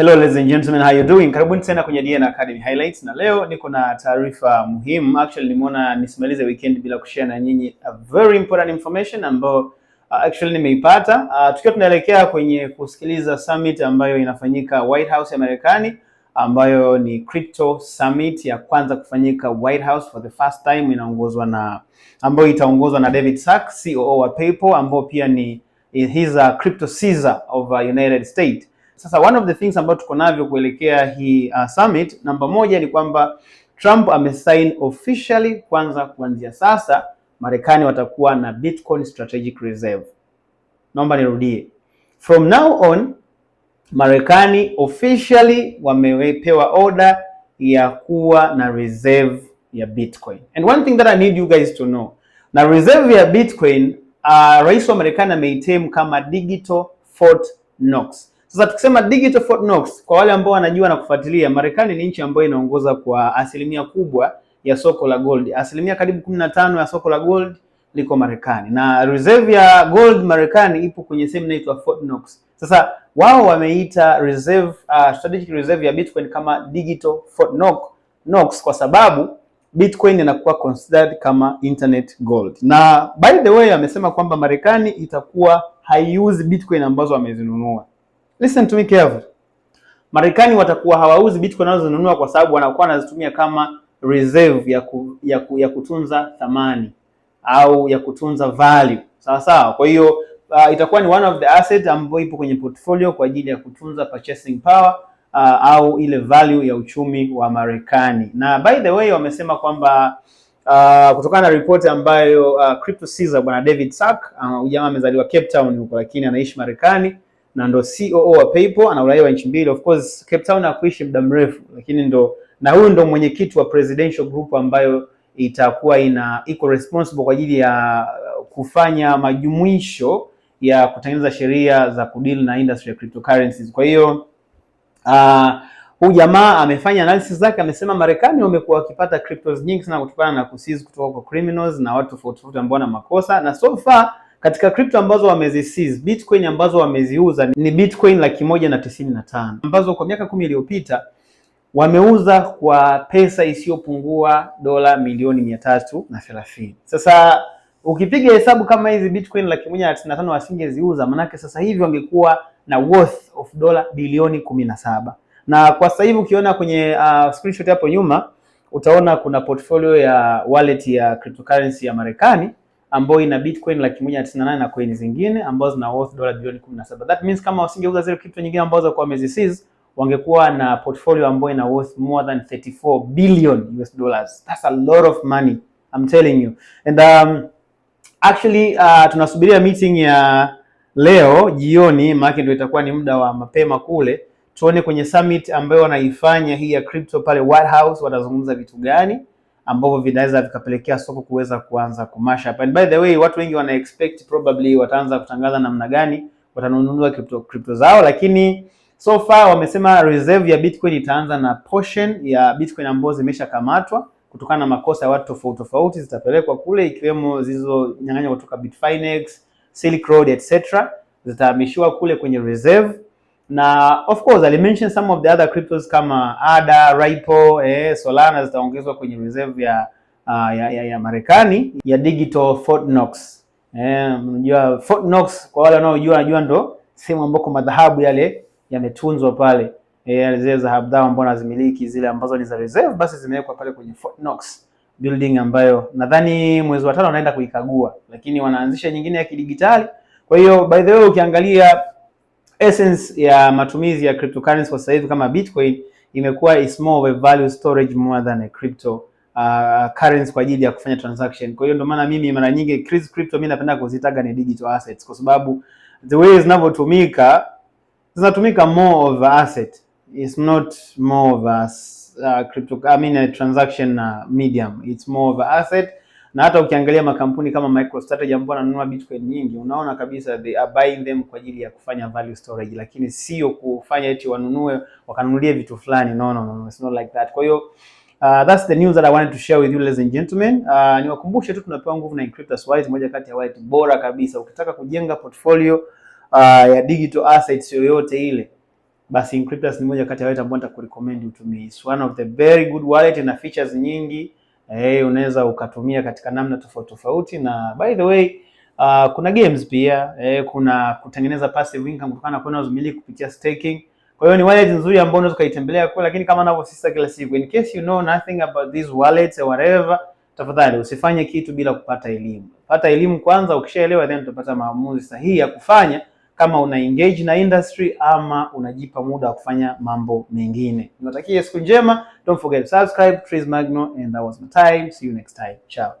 Hello ladies and gentlemen, how you doing? Karibuni tena kwenye DNA Academy Highlights na leo niko na taarifa muhimu. Actually nimeona nisimalize weekend bila kushare na nyinyi a very important information ambayo uh, actually nimeipata uh, tukiwa tunaelekea kwenye kusikiliza summit ambayo inafanyika White House ya Marekani ambayo ni crypto summit ya kwanza kufanyika White House for the first time, inaongozwa na ambayo itaongozwa na David Sacks, CEO wa PayPal, ambao pia ni eh, he's a crypto Caesar of uh, United States sasa one of the things ambayo tuko navyo kuelekea hii uh, summit, namba moja ni kwamba Trump amesign officially kwanza, kuanzia sasa Marekani watakuwa na Bitcoin strategic reserve. Naomba nirudie, from now on Marekani officially wamepewa order ya kuwa na reserve ya Bitcoin. And one thing that I need you guys to know, na reserve ya Bitcoin uh, rais wa Marekani ameitem kama Digital Fort Knox. Sasa tukisema digital Fort Knox, kwa wale ambao wanajua na kufuatilia, Marekani ni nchi ambayo inaongoza kwa asilimia kubwa ya soko la gold. Asilimia karibu kumi na tano ya soko la gold liko Marekani, na reserve ya gold Marekani ipo kwenye sehemu inaitwa Fort Knox. Sasa wao wameita reserve, uh, strategic reserve ya Bitcoin kama digital Fort Knox, Knox kwa sababu Bitcoin inakuwa considered kama internet gold. Na by the way amesema kwamba Marekani itakuwa haiuzi Bitcoin ambazo wamezinunua. Listen to me carefully. Marekani watakuwa hawauzi Bitcoin wanazonunua kwa sababu wanakuwa wanazitumia kama reserve ya, ku, ya, ku, ya kutunza thamani au ya kutunza value sawa sawa. Kwa hiyo uh, itakuwa ni one of the asset ambayo ipo kwenye portfolio kwa ajili ya kutunza purchasing power uh, au ile value ya uchumi wa Marekani. Na by the way wamesema kwamba uh, kutokana na ripoti ambayo uh, Crypto Caesar bwana David Sack uh, ujamaa amezaliwa Cape Town huko lakini anaishi Marekani na ndo COO wa PayPal, ana uraia wa nchi mbili. Of course Cape Town hakuishi muda mrefu, lakini ndo na huyu ndo mwenyekiti wa presidential group ambayo itakuwa ina iko responsible kwa ajili ya uh, kufanya majumuisho ya kutengeneza sheria za kudili na industry ya cryptocurrencies. Kwa hiyo uh, huyu jamaa amefanya analysis zake, amesema Marekani wamekuwa wakipata cryptos nyingi sana kutokana na kusizi kutoka kwa criminals na watu tofauti tofauti ambao wana makosa na so far katika crypto ambazo wameziseize, Bitcoin ambazo wameziuza ni Bitcoin laki moja na tisini na tano ambazo kwa miaka kumi iliyopita wameuza kwa pesa isiyopungua dola milioni mia tatu na thelathini. Sasa ukipiga hesabu kama hizi Bitcoin laki moja na tisini na tano wasingeziuza, manake sasa hivi wangekuwa na worth of dola bilioni kumi na saba na kwa sasa hivi ukiona kwenye uh, screenshot hapo nyuma utaona kuna portfolio ya wallet ya cryptocurrency ya Marekani ambayo ina Bitcoin laki moja na tisini na nane na coin zingine ambazo zina worth dola bilioni 17. That means kama wasingeuza zile crypto nyingine ambazo kwa walikuwa wameziseize wangekuwa na portfolio ambayo ina worth more than 34 billion US dollars. That's a lot of money. I'm telling you. And um, actually uh, tunasubiria meeting ya leo jioni, maana ndio itakuwa ni muda wa mapema kule, tuone kwenye summit ambayo wanaifanya hii ya crypto pale White House watazungumza vitu gani ambavyo vinaweza vikapelekea soko kuweza kuanza kumash up. And by the way, watu wengi wana expect probably wataanza kutangaza namna gani watanunua crypto, crypto zao, lakini so far wamesema reserve ya Bitcoin itaanza na portion ya Bitcoin ambazo zimeshakamatwa kutokana na makosa ya watu tofauti tofauti, zitapelekwa kule, ikiwemo zilizonyang'anywa kutoka Bitfinex, Silk Road etc, zitahamishiwa kule kwenye reserve na of course ali mention some of the other cryptos kama ADA, ripo eh, Solana zitaongezwa kwenye reserve ya uh, ya, ya, ya Marekani ya digital Fort Knox. Eh, mjua, Fort Knox kwa wale wanaojua najua ndo sehemu ambako madhahabu yale yametunzwa pale. Eh, zile dhahabu zao ambao nazimiliki zile ambazo ni za reserve basi zimewekwa pale kwenye Fort Knox building ambayo nadhani mwezi wa tano wanaenda kuikagua, lakini wanaanzisha nyingine ya kidigitali. Kwa hiyo by the way ukiangalia essence ya matumizi ya cryptocurrency kwa sasa hivi kama Bitcoin imekuwa is more of a value storage more than a crypto Uh, currency kwa ajili ya kufanya transaction. Kwa hiyo ndio maana mimi mara nyingi crypto mimi napenda kuzitaga ni digital assets kwa sababu the way zinavyotumika zinatumika more of a asset is not more of a uh, crypto I mean a transaction uh, medium it's more of a asset na hata ukiangalia makampuni kama MicroStrategy ambao wananunua Bitcoin nyingi, unaona kabisa they are buying them kwa ajili ya kufanya value storage, lakini sio kufanya eti wanunue wakanunulie vitu fulani. No, no, no, it's not like that. Kwa hiyo Uh, that's the news that I wanted to share with you ladies and gentlemen. Uh, niwakumbushe tu tunapewa nguvu na Inkryptus Wallet, moja kati ya wallet bora kabisa. Ukitaka kujenga portfolio uh, ya digital assets yoyote ile, basi Inkryptus ni moja kati ya wallet ambayo nitakurecommend utumie. It's one of the very good wallet na features nyingi eh, unaweza ukatumia katika namna tofauti tofauti, na by the way uh, kuna games pia eh, kuna kutengeneza passive income kutokana na kuona umiliki kupitia staking. Kwa hiyo ni wallet nzuri ambayo unaweza ukaitembelea kwa, lakini kama navyosisitiza kila siku, in case you know nothing about these wallets or whatever, tafadhali usifanye kitu bila kupata elimu. Pata elimu kwanza, ukishaelewa then utapata maamuzi sahihi ya kufanya kama una engage na industry ama unajipa muda wa kufanya mambo mengine. Niwatakie siku njema. Don't forget to subscribe. Tris Magno and that was my time. See you next time. Ciao.